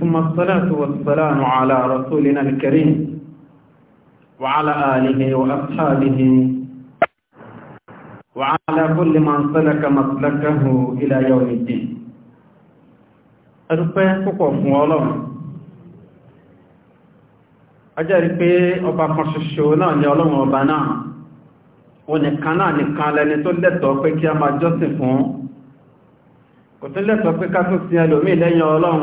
ثم الصلاة والسلام على رسولنا الكريم وعلى آله وأصحابه وعلى كل من سلك مسلكه إلى يوم الدين أدوكي púpọ̀ fún Ọlọ́run ajẹ́rí pé ọba kan ṣoṣo náà ni Ọlọ́run ọba náà onìkan náà nìkan lẹni tó lẹ́tọ̀ọ́ pé kí a máa jọ́sìn fún kò tún lẹ́tọ̀ọ́ pé ká tó sin ẹlòmíì lẹ́yìn Ọlọ́run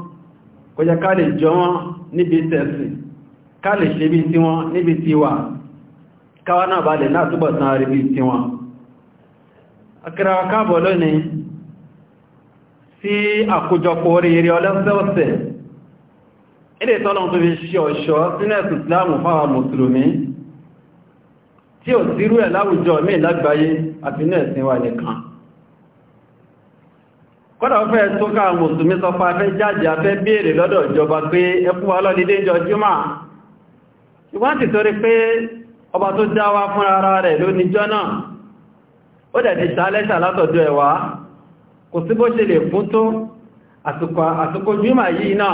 ó yẹ ká lè jọ wọ́n níbi tẹ̀sìn ká lè ṣe bí tí wọ́n níbi tí wà káwà náà bá lè náà túbọ̀ tán rí bí tí wọ́n akẹrẹwà káàbọ̀ lónìí sí àkójọpọ̀ oríire ọlọ́sẹ̀ọ̀sẹ̀ ilé tọ́lọ́n tó fi ṣe ọ̀ṣọ́ sínú ẹ̀sùn kọ́dà fẹ́ tó ká mùsùlùmí sọ pa fẹ́ jáde afẹ́ béèrè lọ́dọ̀ ìjọba pé ẹkùn wa lọ́dídé jọ jímà ìwọ́n ti torí pé ọba tó dáwà fún ara rẹ̀ lóníjọ́ náà ó dẹ̀ sálẹ́sà látọ̀dọ̀ ẹ̀wà kò sí bó ṣe lè fún tó yìí náà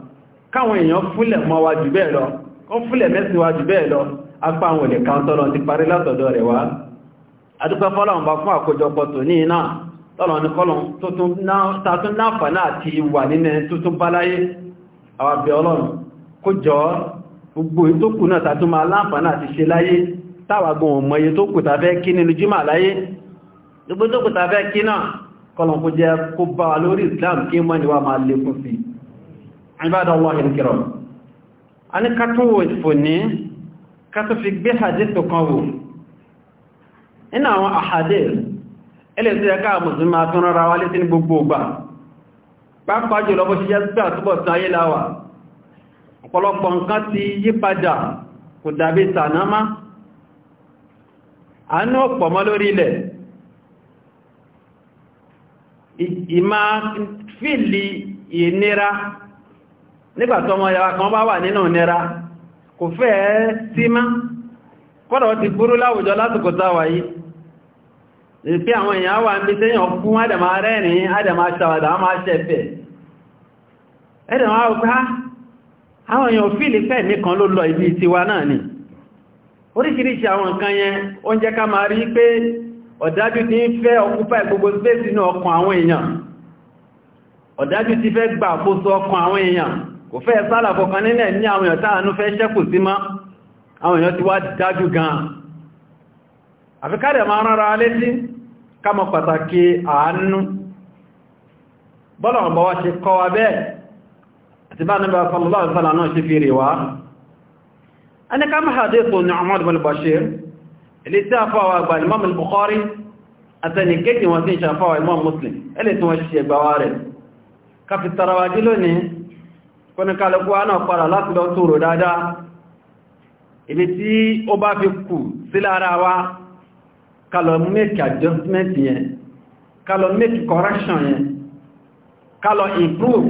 káwọn èèyàn fúlẹ̀ mọ́ wa jù bẹ́ẹ̀ lọ kọ́ fúlẹ̀ mẹ́sìn wa jù bẹ́ẹ̀ lọ apá àwọn olè kan tọ́lọ ti parí látọ̀dọ̀ rẹ̀ wá adúpẹ́ fọ́lọ̀n bá fún àkójọpọ̀ tó ní iná tọ́lọ ní kọ́lọ̀n tuntun náàfà náà ti wà nínú tuntun báláyé àwàbẹ̀ ọlọ́run kó jọ gbogbo ìtókù náà tàtún máa láyé ibadallahi al-kiram a ní kátó ìfò ní kátó fi gbé hadith kan wò iná àwọn ahadith ilẹ̀ tí ẹka musulmi àtún rárá wálé tí ní gbogbo ọgbà pápá jùlọ bó ṣe jẹ́ sí àtúbọ̀ sí ayé láwà ọ̀pọ̀lọpọ̀ nǹkan ti yípadà kò dàbí tànámá àánú ọ̀pọ̀ mọ́ lórí ilẹ̀ ìmá fìlì ìnira nígbàtọ́ ọmọ yàwá kan bá wà nínú nira kò fẹ́ sí má kọ́dọ̀ ti burú láwùjọ lásìkò táwà yìí ìpé àwọn èèyàn wà ń bí tẹ́yàn fún àdàmà rẹ́rin àdàmà ṣàwàdà a máa ṣẹ̀fẹ̀ ẹ̀dàmà ọgbá àwọn èèyàn fíìlì ni oríṣiríṣi àwọn nǹkan yẹn ó ń jẹ́ ká máa rí pé ọ̀dájú ti ń fẹ́ ọkúpá gbogbo space inú ọkàn àwọn èèyàn ọ̀dájú ti fẹ́ gbà àkóso ọkàn àwọn èèyàn kò fẹ́ sálà fọ̀kan nílẹ̀ ní àwọn èèyàn táàánú fẹ́ ṣẹ́kù sí má àwọn èèyàn ti wá dájú gan-an àfikàrẹ̀ máa rán ara létí ká mọ̀ pàtàkì àánú bọ́lọ̀ ṣe kọ́ wa bẹ́ẹ̀ àti bá nígbà sallallahu alaihi wasallam fi rè wá hadithu Nu'man bin Bashir ilé tí a fọ́ àwọn àgbà Imam Bukhari àtẹni kéèkì wọn sí Imam Muslim ẹlẹ́ tí wọ́n ṣe ẹgbà lónìí kọ́nìkálukú wa náà padà láti lọ sọ̀rọ̀ dáadáa ibi tí ó bá fi kù sí lára wa kálọ̀ make adjustment yẹn kálọ̀ make correction yẹn kálọ̀ improve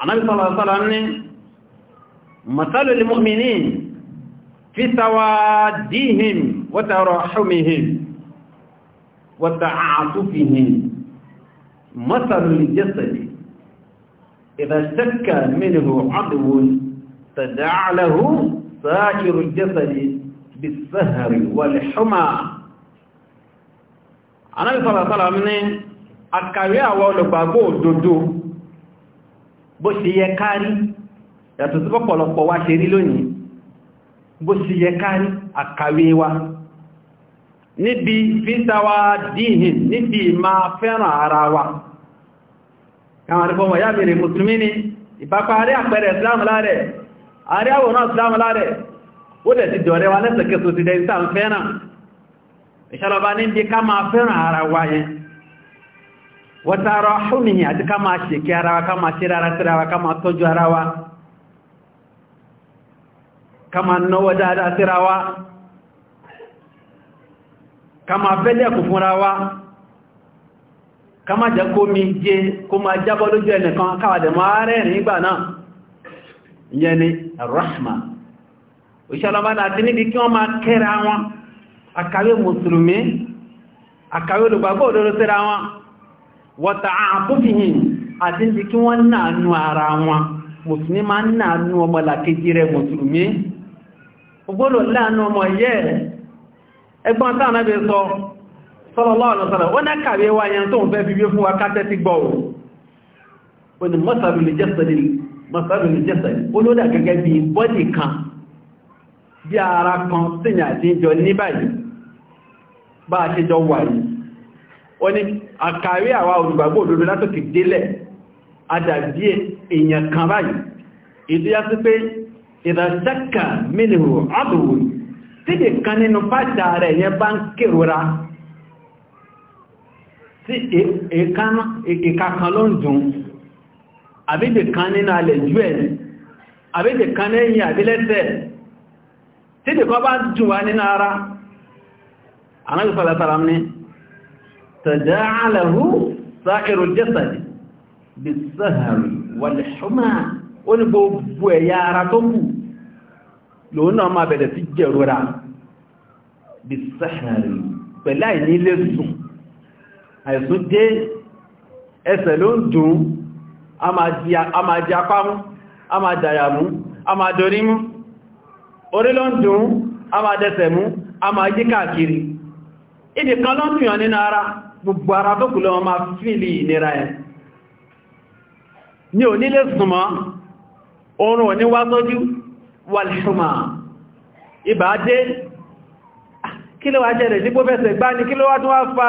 anábi sọ́lọ̀sọ́lọ̀ ní masalul mu'minin fi tawaddihim wa tarahumihim wa ta'atufihim masalul jasadi إذا اشتك منه عضو تداع له سائر الجسد بالسهر والحمى Ànábì sallallahu alaihi wasallam ní àkàrí àwọn olùgbàgbọ́ òdodo bó ṣe yẹ kárí yàtọ̀ sí pọ̀pọ̀lọpọ̀ wá ṣe rí lónìí bó ṣe yẹ kárí àkàrí wa níbi fíta wa díhìn níbi ìmá fẹ́ràn ara wa àwọn àrífọ́ wọ̀nyá mèrè mùsùlùmí ni ìpapá àrí àpẹẹrẹ ìsìláàmù láàrẹ̀ àrí àwòrán ìsìláàmù láàrẹ̀ ó dẹ̀ ti dọ̀rẹ́ wa lẹ́sẹ̀kẹsọ ti dẹ̀ ìsà ń fẹ́ràn ìṣàlọ́bá ní bí ká máa fẹ́ràn ara wa yẹn wọ́tàrọ̀ ọ̀húnmìyàn àti ká máa ṣèkẹ́ ara ká má jẹ́ kó mi jẹ kó má jábọ́ lójú ẹnìkan káwàdẹ̀ mọ́ rẹ̀rìn ìgbà náà ìyẹn ni rahma òṣèlọ́bá àti níbi kí wọ́n máa kẹ́ra wọn akàwé mùsùlùmí akàwé olùgbàgbọ́ òdòdó síra wọn wọ́ta àbúfihìn àti níbi kí wọ́n ara wọn sallallahu alaihi wasallam wọ́n náà kàwé wá yẹn tó ń fẹ́ bíbí fún wa ni masalul jasadi masalul jasadi olódà gẹ́gẹ́ bí bọ́dì kan bí ara kan síyà tí jọ ní báyìí bá a ṣe jọ wà yìí o ni àkàwé àwa olùgbàgbọ́ òdodo látòkì délẹ̀ adàbí èèyàn kan báyìí ìdíyà sí pé ìdàṣẹ́kà mínú àbúrò tí tí ìka e, e, kan ló ń dùn àbídè kan nínú alẹ̀ jú ẹ̀ àbídè kan lẹ́yìn àbílẹ́sẹ̀ tí ìdìkọ́ bá dùn wá nínú ara anábi falatara ní tàjá alẹ́hú sáàrù jẹ́sàdì bí sáàrù wàlẹ̀ ṣọ́mà ó ní gbogbo ẹ̀yà ara tó kù lòun náà máa bẹ̀rẹ̀ àìsùn dé ẹsẹ̀ ló ń dùn a máa di apá mú a máa dàyà mú a máa dorí mú orí ló ń dùn a máa dẹsẹ̀ mú a máa yí káàkiri ìdí kan ló ń fìyàn nínú ara gbogbo ara tó kùlọ máa fìlì ìnira ẹ̀ ní onílé súnmọ́ oorun ò ní wá sójú wàlìṣùmọ̀ ibà dé ah, kí ló wá jẹ́ sí pọ́fẹ́sẹ̀ gbá kí ló wá tún wá fa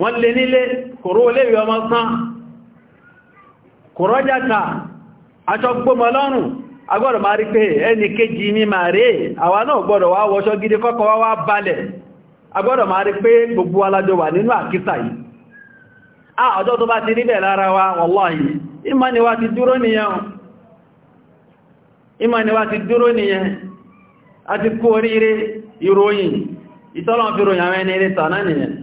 wọ́n lè nílé kòrò oléwì ọmọ sán kòrò jàta aṣọ gbọmọ lọ́rùn agbọ́dọ̀ ma rí pé ẹni kéjì ní ma rí àwa náà gbọ́dọ̀ wá wọ́ṣọ́ gidi kọ́kọ́ wá balẹ̀ agbọ́dọ̀ ma rí pé gbogbo alájọ wà nínú àkísà yìí ìtọ́lọ̀ fi ròyìn nìyẹn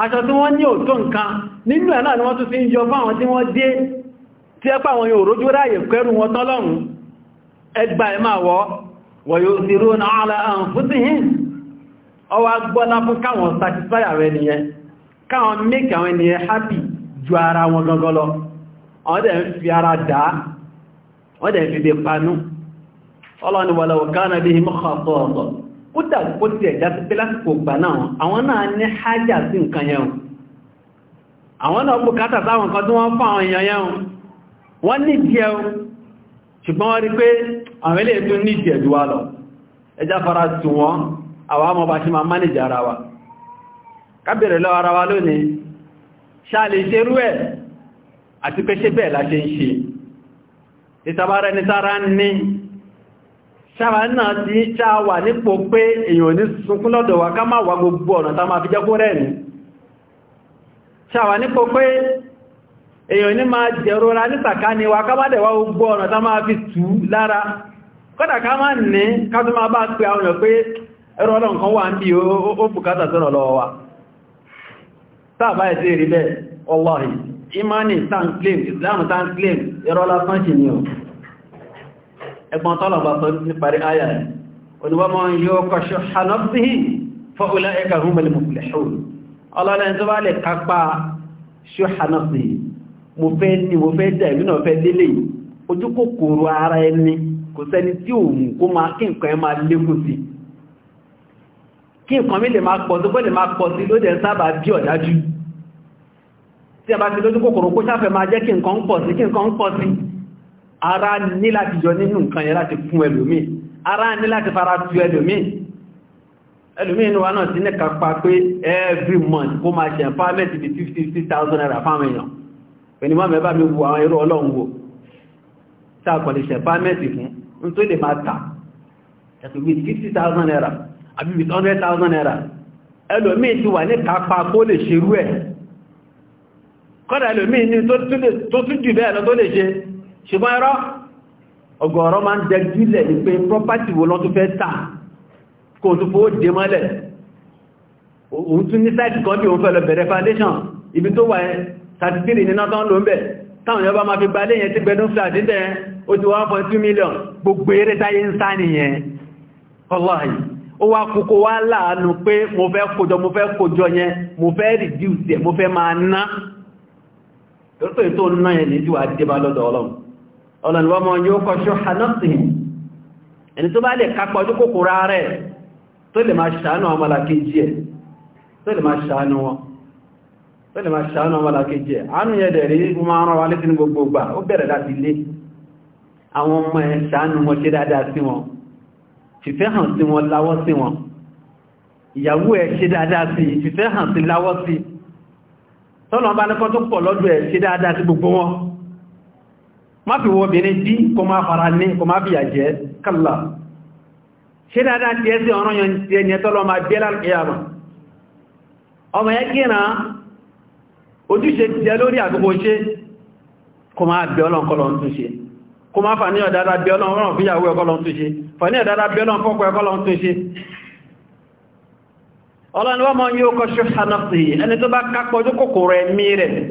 aṣọ tí wọ́n ní òtó nǹkan nínú ẹ̀ naa ni wọ́n tún fi ń yọ fáwọn tí wọ́n dé tí ẹ́pà wọn yóò rójú ráyè kẹrù wọn tọ́lọ́run ẹgbà ẹ̀ máa wọ́ wọ̀yó ìrú ala anfusihim ọwọ́ agbọ́lá fún káwọn satisfy àwọn káwọn kódà kó ti ẹ̀já sí pé lásìkò gbà náà àwọn náà ní hájà sí nǹkan yẹn àwọn náà bù kátà sáwọn nǹkan tí wọ́n fún àwọn èèyàn yẹn wọ́n ní díẹ̀ ṣùgbọ́n wọ́n rí pé àwọn ilé ètò ní ìdí ẹ̀dùwà lọ ẹjá fara sí wọn àwọn ọmọ bá ṣe máa mánéjì ara wa kábẹ̀rẹ̀ lọ ara wa ẹ̀ àti sára ní ṣáwà náà ti ṣáwà nípò pé èyàn ní sunkún lọ́dọ̀ wa ká máa wà gbogbo ọ̀nà tá máa fi jẹ́kó rẹ̀ ní nípò pé èyàn ní máa ní wa ká bádẹ̀wà gbogbo ọ̀nà tá máa fi tù lára kọ́dà ká máa ní ká máa bá pé àwọn èèyàn pé ẹgbọ́n tọ́lọ̀bà tó ní parí ayà rẹ̀ olùwọ́mọ́ yóò kọ̀ṣọ́ hanọ́bíhì fọ́ọ̀lá ẹka húnmọ̀lì mọ̀fìlẹ̀ṣùn ọlọ́lẹ́ni tó bá lè kápá ṣọ́ hanọ́bíhì mo fẹ́ ní mo fẹ́ dẹ̀ mí náà fẹ́ délé ojú kòkòrò ara ẹni kò sẹ́ni tí òun kó máa kí tí a bá ti lójú kòkòrò kó sáfẹ́ máa jẹ́ kí nǹkan pọ̀ sí kí nǹkan pọ̀ sí ara ní láti jọ nínú nǹkan yẹn láti fún ẹlòmí ara ní láti fara tu ẹlòmí ẹlòmí inú wa náà sí nẹ́ka pa pé every month kó máa ṣe empowerment bí 50,000 naira fáwọn èèyàn pẹ̀lú mọ́ mẹ́bà mi wo àwọn irú ọlọ́run wo sáàkọ̀ lè ṣe empowerment fún ń tó lè máa tà ẹ̀tù with 50,000 naira àbí with 100,000 naira ẹlòmí ti wà ní kápá kó lè ṣerú ẹ̀ kọ́dà ẹlòmí ní tó tún jù bẹ́ẹ̀ lọ tó lè ṣe ṣùgbọ́n ẹ̀rọ ọgọ̀ọ̀rọ̀ máa ń dẹgbílẹ̀ ní pé property wo lọ́n tó fẹ́ tà kò tó fó dé mọ́lẹ̀ òun tún ní site kan bí òun fẹ́ lọ bẹ̀rẹ̀ foundation ibi tó wà ẹ́ 33 nínú tán ló ń bẹ̀ táwọn yọba máa fi gba léyìn tí gbẹdún flat dídẹ̀ ó ti 1.2 million gbogbo eré táyé ń sá nìyẹn ọlọ́yìn ó wá kókó wá láàánú pé mo fẹ́ kójọ mo fẹ́ kójọ yẹn mo fẹ́ reduce ẹ̀ mo fẹ́ máa ná tó tó ná yẹn ní ìjúwà débá lọ́dọ̀ ọlọ́run ọlọ́nìwọ́ mọ́ yóò kọ́ ṣọ́ hanọ́sìn ẹni tó bá lè kápọ̀ ojú kòkòrò rẹ̀ tó lè máa ṣàánú ọmọlàkejì ẹ̀ tó lè máa ṣàánú wọn tó lè máa ṣàánú ọmọlàkejì ẹ̀ àánú yẹ dẹ̀ rí máa rán wa létí ní gbogbogbà ó bẹ̀rẹ̀ láti lé àwọn ọmọ ẹ̀ ṣàánú wọn ṣe dáadáa sí wọn fìfẹ́ hàn sí wọn láwọ́ sí wọn ìyàwó ẹ̀ ṣe dáadáa sí fìfẹ́ hàn sí láwọ́ sí tọ́lọ̀ bá ní kọ́ tó pọ̀ lọ́dọ̀ ẹ̀ ṣe dáadáa sí gbogbo wọn Ma fi wọ obìnrin dí kó máa fara ní kó máa fìyà jẹ kàlá ṣe dáadáa tí ẹ sí ọ̀rọ̀ yẹn tí ẹni ẹ̀tọ́ lọ máa gbé lálẹ́yàmà ọmọ yẹ kíra ojúṣe jẹ lórí àgbogbo ṣe kó máa bẹ ọlọ́nkọlọ ń túnṣe kó máa fà ní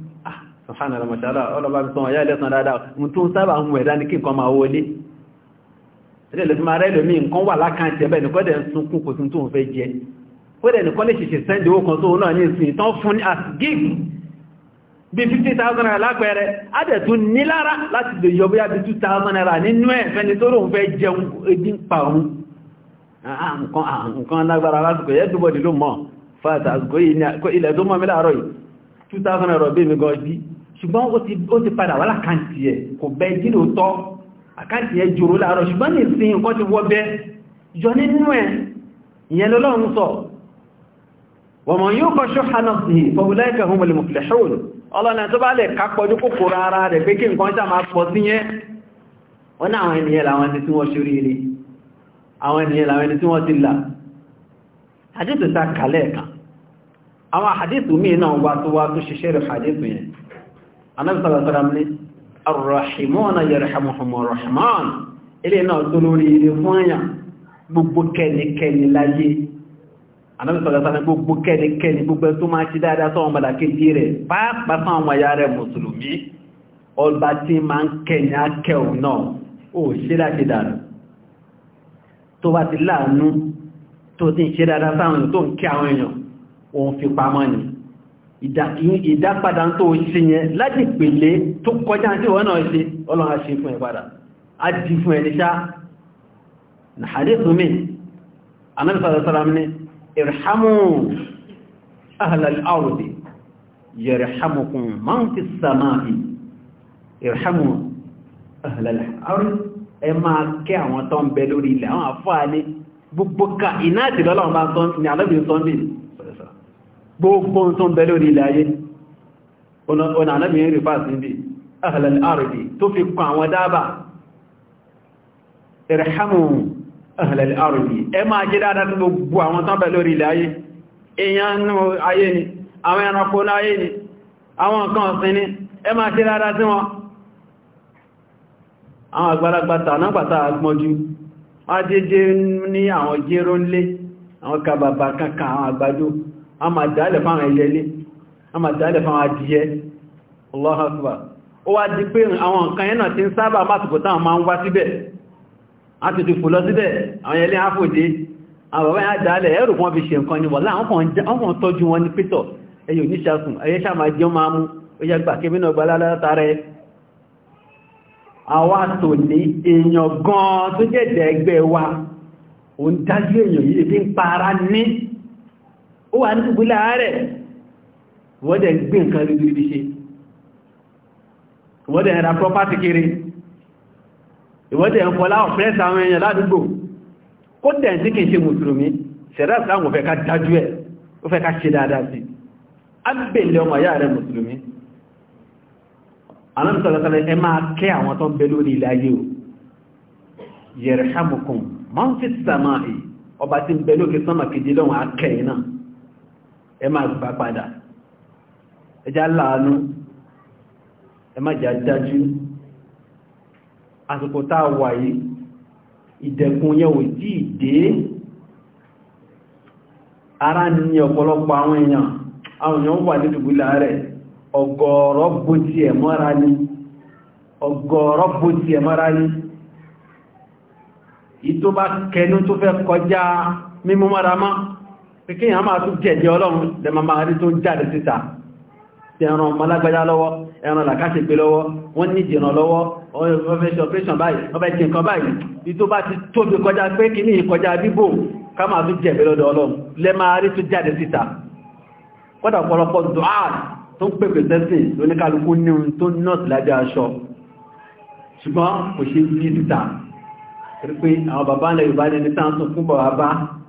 subhanallah mashallah ọlọ́bá bí sọ́wọ́ yá ilẹ̀sàn dáadáa mú tó ń sábà ń wẹ̀dá ní kí nǹkan máa wọlé ilẹ̀ lè fi máa rẹ̀ lómi nǹkan wà lákàntì ẹ̀bẹ̀ nìkan dẹ̀ ń sunkún kò tún tó ń fẹ́ jẹ ó dẹ̀ nìkan lè ṣèṣe sẹ́ndì owó kan tóun náà ní ìsìn tán fún ní as gig bí 50,000 naira lápẹẹrẹ adẹ̀ tún ní lára láti lè yọ bóyá bí 2,000 naira nínú ẹ̀ fẹ́ni bí mi gan ṣùgbọ́n ó ti padà wà láàkáǹtì ẹ̀ kò bẹ jílò tọ́ àkáǹtì ẹ̀ jòrò láàrọ̀ ṣùgbọ́n ní ìsìn nǹkan ti wọ́ bẹ jọ nínú ẹ̀ ìyẹn lọ́lọ́run sọ wọ̀mọ̀ yóò kọ́ ṣọ́hánà Hadithu ta kalẹ̀ kan, àwọn hadithu mi náà wá tó wá tó ṣiṣẹ́ rẹ̀ hadithu yẹn anábìsọ̀rọ̀ sọ́rọ̀ ní arọ̀ṣìmọ́nà yẹ̀rẹ̀hàmọ̀hàmọ̀rọ̀ṣìmọ́n ilé náà tó lórí ilé fún ẹ̀yà gbogbo kẹ́nikẹ́ni láyé anábìsọ̀rọ̀ sọ́rọ̀ gbogbo kẹ́nikẹ́ni gbogbo tó máa ti dáadáa sọ́wọ́n padà kéjì rẹ̀ pàápàá fáwọn ọmọ rẹ̀ mùsùlùmí ọba tí máa ń kẹ́ni akẹ́wò náà ó ṣe láti dànù tó bá ti láàánú tó ti ń ṣe dáadáa sáwọn tó ń kí àwọn èèyàn òun fi pamọ́ ni ìdápadà tó ṣe yẹn láti pèlé tó kọjá tí wọ́n náà ṣe ọlọ́run ṣe fún ẹ̀padà a di fún ẹ̀lẹ́ṣá na hadithu mi anábìsàdọ́sára ní irhamu ahlal ardi yarhamukum man fi samai irhamu ahlal ardi ẹ máa kẹ́ àwọn tó ń bẹ lórí ilẹ̀ àwọn àfáà ní gbogbo ka ìnáàtì lọ́lọ́run bá sọ́n ni alábìsọ́n gbogbo tó ń bẹ lórí ilẹ̀ ayé ọ̀nà anábìnrin rí fásitì bí ahlal ardi tó fi kọ àwọn dábà irhamu ahlal ardi ẹ máa jẹ́ dáadáa tó gbogbo àwọn tán bẹ lórí ilẹ̀ ayé èèyàn ayé ni àwọn ẹranko láyé ni àwọn nǹkan ọ̀sìn ni ẹ máa jẹ́ kankan àwọn àgbàdo a máa dálẹ̀ fáwọn ẹyẹlé a máa dálẹ̀ fáwọn adìyẹ Allahu Akbar ó wá di pé àwọn nǹkan yẹn náà ti ń sábà mátùkù táwọn máa ń wá síbẹ̀ a ti ti fò lọ síbẹ̀ àwọn ẹyẹlé á fòdé àwọn bàbá yẹn á dálẹ̀ ẹrù kan fi ṣe nǹkan ni wọ̀lá àwọn kan tọ́jú wọn ní pétọ̀ ẹyẹ oníṣàkùn ẹyẹ ṣàmà jẹun máa mú ó yẹ gbà kébí náà gbalá látara ẹ àwa tò ní èèyàn gan-an tó jẹ́ ẹ̀dẹ̀ ẹgbẹ́ wa òun dájú èèyàn yìí fi ń para ní ó wà ní ṣùgbọ́n láàárẹ̀ wọ́n dẹ̀ gbé nǹkan lórí ibi ṣe wọ́n dẹ̀ ra property kiri ìwọ́n dẹ̀ ń fọlá ọ̀fẹ́sà àwọn èèyàn ládùúgbò kó dẹ̀ sí kìí ṣe mùsùlùmí ṣẹ̀dá ìsáwọn òfẹ́ ká dájú ẹ̀ ó fẹ́ ká ṣe dáadáa sí ábẹ̀lẹ̀ ọmọ ayá rẹ̀ ẹ máa gbà padà ẹjá láàánú ẹ má jà dájú àsìkò táà wà yìí ìdẹ̀kùn yẹn ò tí ìdé ara ní ọ̀pọ̀lọpọ̀ àwọn èèyàn àwọn èèyàn wà ní dùgbùlà rẹ̀ ọgọ́rọ̀ bó ti ẹ̀ mọ́ra ní ọgọ́rọ̀ bó ti ẹ̀ mọ́ra ní ìtó bá kẹnu tó fẹ́ kọjá mímú máa pé kí èèyàn máa tún jẹ̀dẹ̀ ọlọ́run lẹ́mà máa rí tó ń jáde síta ti ẹran ọmọlágbájá lọ́wọ́ ẹran làkáṣẹ́gbé lọ́wọ́ wọ́n ní ìdènà lọ́wọ́ operation báyìí ọba ìtì nǹkan báyìí bí tó bá ti tóbi kọjá pé kí ní ìkọjá bíbò ká máa tún jẹ̀bẹ̀ lọ́dọ̀ ọlọ́run lẹ́mà rí tó jáde síta kọ́dà ọ̀pọ̀lọpọ̀ dùá tó ń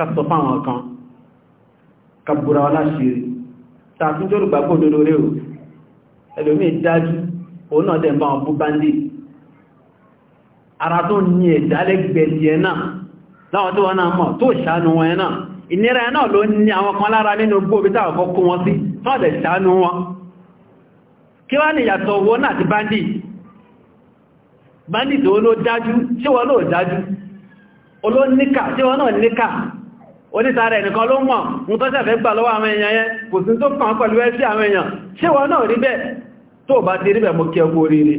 ka sọ fáwọn kan ká búra wọn tààtún tó rùgbà kó o ẹlòmí dájú òun náà dẹ̀ bá wọn bú ara tó ní ẹ̀dálẹ́gbẹ̀ẹ́dì ẹ̀ náà láwọn tó wọn náà mọ̀ tó ṣàánú wọn náà ìnira náà ló ní àwọn kan lára nínú táwọn kó wọn sí tọ́ọ̀dẹ̀ ṣàánú wọn kí wá ní ìyàtọ̀ owó náà ti tó ló dájú onítàrà ẹnìkan ló mọ̀ mú tó ṣẹ̀fẹ́ gbà lọ́wọ́ àwọn èèyàn yẹn kò sí tó kàn pẹ̀lú ẹ̀sí àwọn èèyàn ṣé wọ́n náà rí bẹ́ẹ̀ tó bá ti rí bẹ́ẹ̀ mọ́ kí ọkú oríire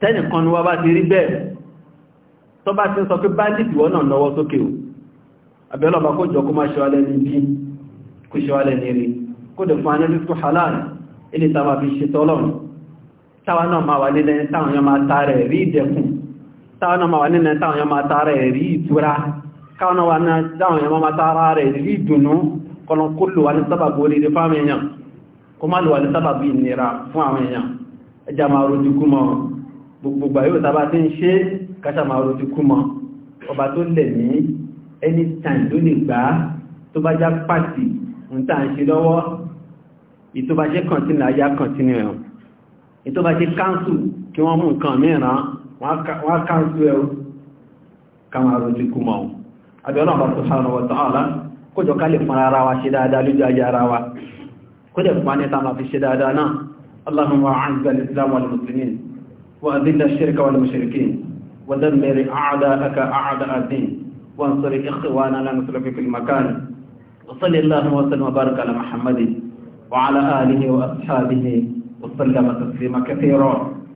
tẹ́nìkan ni wá bá ti rí bẹ́ẹ̀ tó bá ti sọ pé bandit wọ́n náà lọ́wọ́ sókè o àbẹ́lọ́bà kó jọ kó má ṣe wálẹ̀ ní bí kó ṣe káwọn wa náà dáwọn yẹn máa tààrà rẹ̀ rí ìdùnnú kọlọ̀ kó lò wà ní sábàbí oríire fáwọn èèyàn kó má lò wà ní sábàbí ìnira fún àwọn èèyàn ẹjá máa rojú kú mọ́ gbogbo tàbá tí ń ṣe káṣà máa rojú kú ọba tó lẹ̀ ní anytime ló lè gbá tó bá já pàtì ń tà ń ṣe lọ́wọ́ ìtọ́bá jẹ́ kọ̀ntínú àyá kọ̀ntínú ẹ̀hùn ìtọ́bá jẹ́ ọ̀hún àbíọ́nà ọ̀rọ̀ subhanahu wa ta'ala kójọ ká lè fún ara wa ṣe dáadáa lójú ayé ara wa kó dẹ̀ fún anẹ́ta ma fi ṣe dáadáa náà allahumma a'izz al-islam wal muslimin wa adhill ash-shirka wal mushrikin wa dammir a'da'aka a'da ad-din wa ansur ikhwanana nasra fi kulli makan wa salli allahumma wa sallim wa barik ala muhammadin wa ala alihi wa ashabihi wa sallama taslima kathira